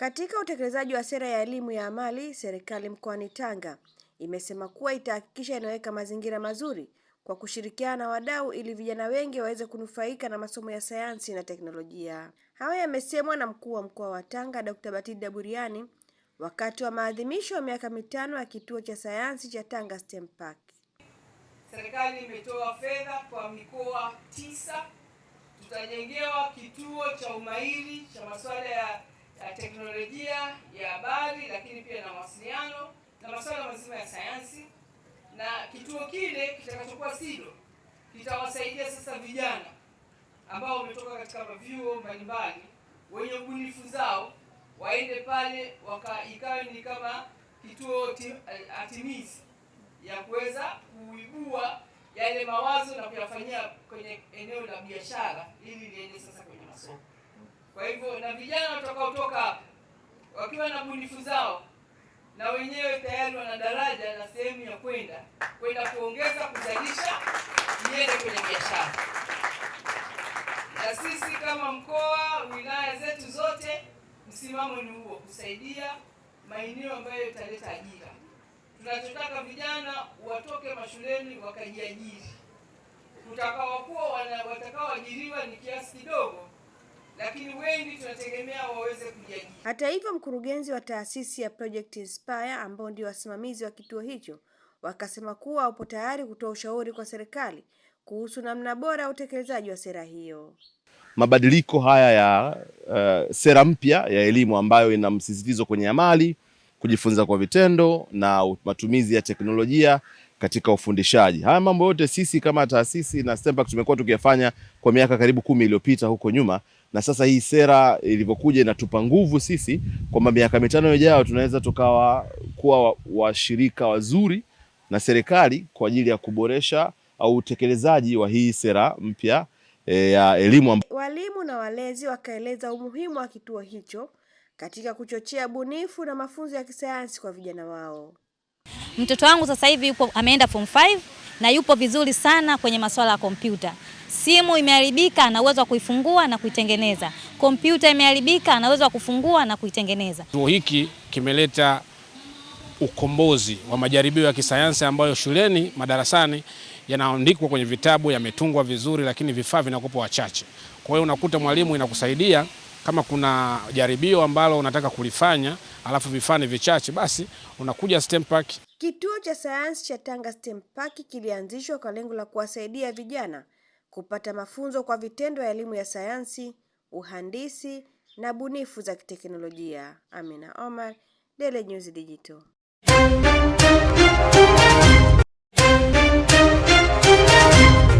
Katika utekelezaji wa sera ya elimu ya amali, serikali mkoani Tanga imesema kuwa itahakikisha inaweka mazingira mazuri kwa kushirikiana na wadau ili vijana wengi waweze kunufaika na masomo ya sayansi na teknolojia. Hayo yamesemwa na mkuu wa mkoa wa Tanga Dr. Batilda Buriani wakati wa maadhimisho ya miaka mitano ya kituo cha sayansi cha Tanga STEM Park. Serikali imetoa fedha kwa mikoa tisa, tutajengewa kituo cha umahiri cha masuala ya teknolojia ya habari, lakini pia na mawasiliano na masuala mazima ya sayansi. Na kituo kile kitakachokuwa SIDO kitawasaidia sasa vijana ambao wametoka katika vyuo mbalimbali wenye ubunifu zao waende pale ikawe ni kama kituo atimizi eh, ya kuweza kuibua yale mawazo na kuyafanyia kwenye eneo la biashara ili liende sasa kwenye masoko. Kwa hivyo na vijana watakaotoka wakiwa na bunifu zao na wenyewe tayari wana daraja na sehemu ya kwenda kwenda kuongeza kuzalisha niende kwenye biashara. Na sisi kama mkoa, wilaya zetu zote, msimamo ni huo, kusaidia maeneo ambayo italeta ajira. Tunachotaka vijana watoke mashuleni wakajiajiri. Tutakawakuwa watakaoajiriwa ni kiasi kidogo, lakini wengi tunategemea hata hivyo, mkurugenzi wa taasisi ya Project Inspire ambao ndio wasimamizi wa kituo hicho wakasema kuwa wapo tayari kutoa ushauri kwa serikali kuhusu namna bora ya utekelezaji wa sera hiyo. Mabadiliko haya ya uh, sera mpya ya elimu ambayo ina msisitizo kwenye amali, kujifunza kwa vitendo na matumizi ya teknolojia katika ufundishaji. Haya mambo yote sisi kama taasisi na STEMPAK tumekuwa tukiyafanya kwa miaka karibu kumi iliyopita huko nyuma na sasa hii sera ilivyokuja inatupa nguvu sisi kwamba miaka mitano ijayo tunaweza tukawa kuwa washirika wa wazuri na serikali kwa ajili ya kuboresha au utekelezaji wa hii sera mpya e, ya elimu. Walimu na walezi wakaeleza umuhimu wa kituo hicho katika kuchochea bunifu na mafunzo ya kisayansi kwa vijana wao. Mtoto wangu sasa hivi yupo ameenda form 5 na yupo vizuri sana kwenye masuala ya kompyuta. Simu imeharibika, ana uwezo wa kuifungua na kuitengeneza. Kompyuta imeharibika, ana uwezo wa kufungua na kuitengeneza. kituo hiki kimeleta ukombozi wa majaribio ya kisayansi ambayo shuleni madarasani yanaandikwa kwenye vitabu, yametungwa vizuri, lakini vifaa vinakupa wachache. Kwa hiyo unakuta mwalimu, inakusaidia kama kuna jaribio ambalo unataka kulifanya alafu vifaa ni vichache, basi unakuja STEM Park. Kituo cha sayansi cha Tanga STEM Park kilianzishwa kwa lengo la kuwasaidia vijana kupata mafunzo kwa vitendo ya elimu ya sayansi, uhandisi na bunifu za kiteknolojia. Amina Omar, Daily News Digital.